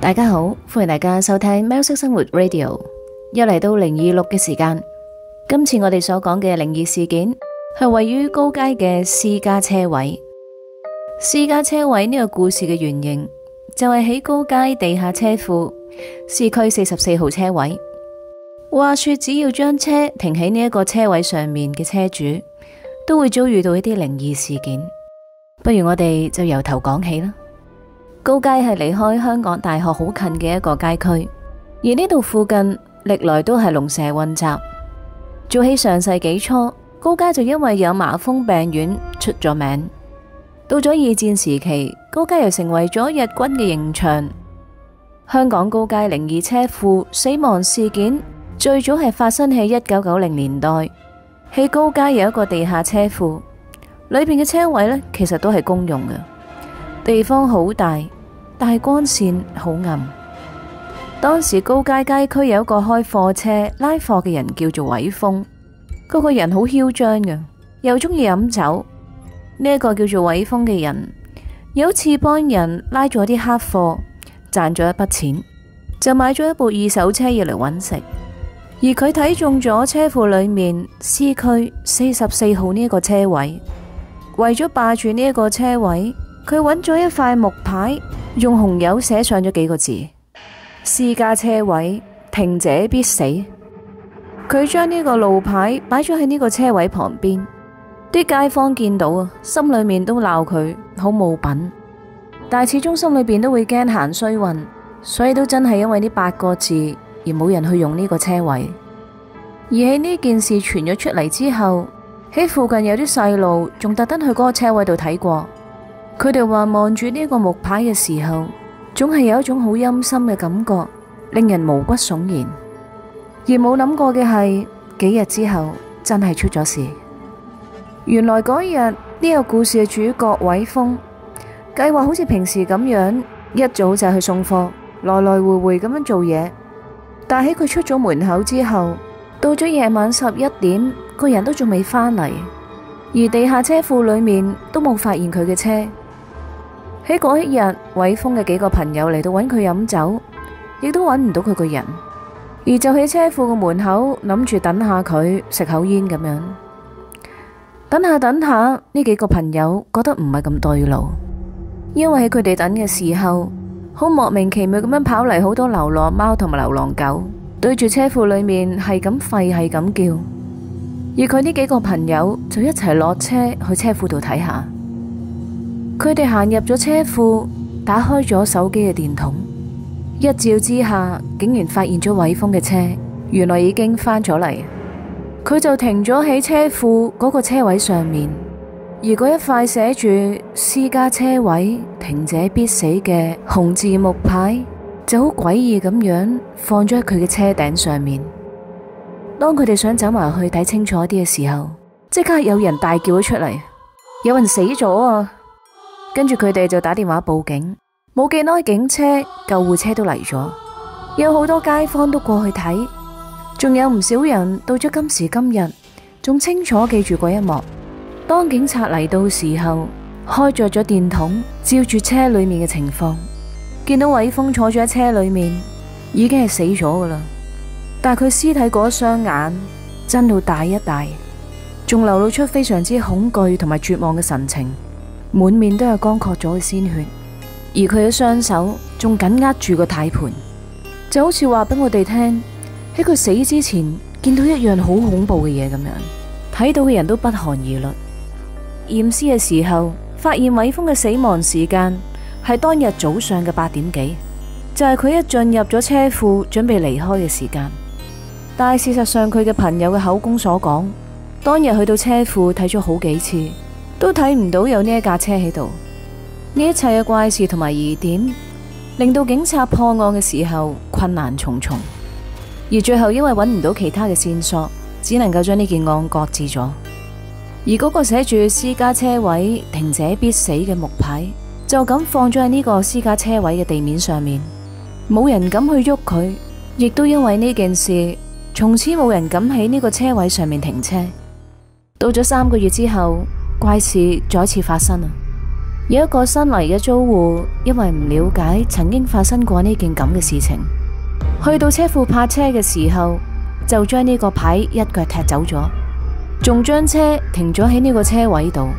大家好，歡迎大家收聽《喵式生活 Radio》，又嚟到零二六嘅時間。今次我哋所講嘅靈異事件係位於高街嘅私家車位。私家車位呢個故事嘅原型就係喺高街地下車庫市區四十四號車位。話說只要將車停喺呢一個車位上面嘅車主，都會遭遇到一啲靈異事件。不如我哋就由頭講起啦。高街係離開香港大學好近嘅一個街區，而呢度附近歷來都係龍蛇混雜。早喺上世紀初，高街就因為有麻風病院出咗名。到咗二戰時期，高街又成為咗日軍嘅刑場。香港高街靈異車庫死亡事件最早係發生喺一九九零年代，喺高街有一個地下車庫，裏邊嘅車位呢，其實都係公用嘅。地方好大，但係光線好暗。當時高街街區有一個開貨車拉貨嘅人，叫做偉峰，嗰個，個人好囂張嘅，又鍾意飲酒。呢、這、一個叫做偉峰嘅人，有一次幫人拉咗啲黑貨，賺咗一筆錢，就買咗一部二手車要嚟搵食。而佢睇中咗車庫裏面 C 區四十四號呢一個車位，為咗霸住呢一個車位。佢揾咗一塊木牌，用紅油寫上咗幾個字：私家車位停者必死。佢將呢個路牌擺咗喺呢個車位旁邊，啲街坊見到啊，心裏面都鬧佢好冇品。但始終心裏邊都會驚行衰運，所以都真係因為呢八個字而冇人去用呢個車位。而喺呢件事傳咗出嚟之後，喺附近有啲細路仲特登去嗰個車位度睇過。佢哋話望住呢個木牌嘅時候，總係有一種好陰森嘅感覺，令人毛骨悚然。而冇諗過嘅係，幾日之後真係出咗事。原來嗰日呢個故事嘅主角偉峰，計劃好似平時咁樣，一早就去送貨，來來回回咁樣做嘢。但喺佢出咗門口之後，到咗夜晚十一點，個人都仲未返嚟，而地下車庫裏面都冇發現佢嘅車。喺嗰一日，偉峰嘅幾個朋友嚟到揾佢飲酒，亦都揾唔到佢個人。而就喺車庫嘅門口諗住等下佢食口煙咁樣。等下等下，呢幾個朋友覺得唔係咁對路，因為喺佢哋等嘅時候，好莫名其妙咁樣跑嚟好多流浪貓同埋流浪狗，對住車庫裏面係咁吠係咁叫。而佢呢幾個朋友就一齊落車去車庫度睇下。佢哋行入咗車庫，打開咗手機嘅電筒，一照之下，竟然發現咗偉峰嘅車，原來已經返咗嚟。佢就停咗喺車庫嗰個車位上面，而嗰一塊寫住私家車位停者必死嘅紅字木牌，就好詭異咁樣放咗喺佢嘅車頂上面。當佢哋想走埋去睇清楚啲嘅時候，即刻有人大叫咗出嚟：有人死咗啊！跟住佢哋就打電話報警，冇幾耐警車、救護車都嚟咗，有好多街坊都過去睇，仲有唔少人到咗今時今日，仲清楚記住嗰一幕。當警察嚟到時候，開着咗電筒照住車裏面嘅情況，見到偉峰坐咗喺車裏面，已經係死咗㗎喇。但佢屍體嗰一雙眼睜到大一大，仲流露出非常之恐懼同埋絕望嘅神情。滿面都係乾涸咗嘅鮮血，而佢嘅雙手仲緊握住個軚盤，就好似話俾我哋聽喺佢死之前見到一樣好恐怖嘅嘢咁樣，睇到嘅人都不寒而慄。驗屍嘅時候發現偉峰嘅死亡時間係當日早上嘅八點幾，就係佢一進入咗車庫準備離開嘅時間。但係事實上佢嘅朋友嘅口供所講，當日去到車庫睇咗好幾次，都睇唔到有呢一架車喺度，呢一切嘅怪事同埋疑點，令到警察破案嘅時候困難重重。而最後因為揾唔到其他嘅線索，只能夠將呢件案擱置咗。而嗰個寫住私家車位停者必死嘅木牌，就咁放咗喺呢個私家車位嘅地面上面，冇人敢去喐佢，亦都因為呢件事，從此冇人敢喺呢個車位上面停車。到咗三個月之後。怪事再次發生啊！有一個新嚟嘅租戶，因為唔了解曾經發生過呢件咁嘅事情，去到車庫泊車嘅時候，就將呢個牌一腳踢走咗，仲將車停咗喺呢個車位度。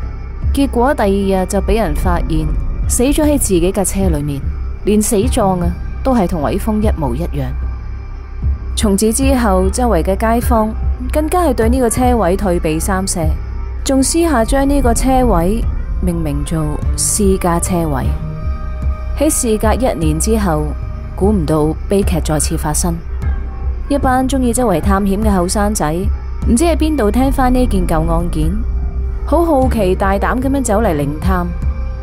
結果第二日就俾人發現死咗喺自己嘅車裏面，連死狀啊都係同偉峰一模一樣。從此之後，周圍嘅街坊更加係對呢個車位退避三舍。仲私下將呢個車位命名做屍家車位。喺事隔一年之後，估唔到悲劇再次發生。一班鍾意周圍探險嘅後生仔，唔知喺邊度聽翻呢件舊案件，好好奇大膽咁樣走嚟靈探。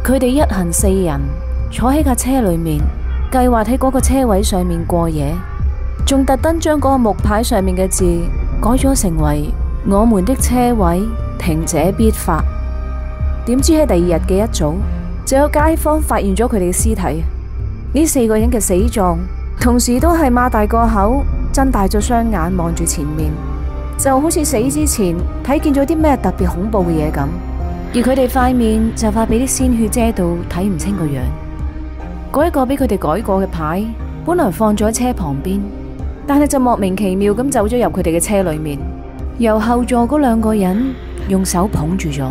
佢哋一行四人坐喺架車裏面，計劃喺嗰個車位上面過夜，仲特登將嗰個木牌上面嘅字改咗成為。我們的車位停者必發。點知喺第二日嘅一早，就有街坊發現咗佢哋嘅屍體。呢四個人嘅死狀同時都係擘大個口，睜大咗雙眼望住前面，就好似死之前睇見咗啲咩特別恐怖嘅嘢咁。而佢哋塊面就怕俾啲鮮血遮到，睇唔清個樣。嗰一個俾佢哋改過嘅牌，本來放咗喺車旁邊，但係就莫名其妙咁走咗入佢哋嘅車裏面。由後座嗰兩個人用手捧住咗，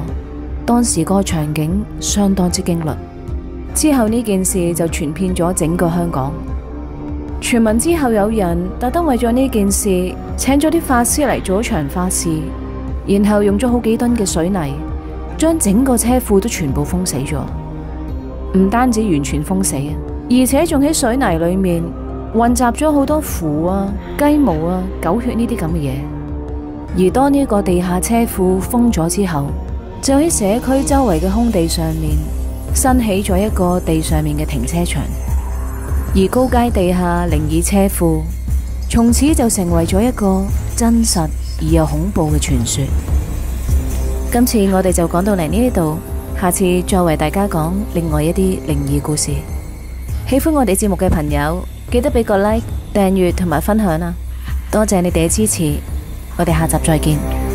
當時個場景相當之驚栗。之後呢件事就傳遍咗整個香港，傳聞之後有人特登為咗呢件事，請咗啲法師嚟做一場法事，然後用咗好幾噸嘅水泥將整個車庫都全部封死咗。唔單止完全封死，而且仲喺水泥裏面混雜咗好多符啊、雞毛啊、狗血呢啲咁嘅嘢。而當呢個地下車庫封咗之後，就喺社區周圍嘅空地上面，新起咗一個地上面嘅停車場。而高街地下靈異車庫，從此就成為咗一個真實而又恐怖嘅傳說。今次我哋就講到嚟呢度，下次再為大家講另外一啲靈異故事。喜歡我哋節目嘅朋友，記得畀個 like、訂閱同埋分享啊！多謝你哋嘅支持。我哋下集再見。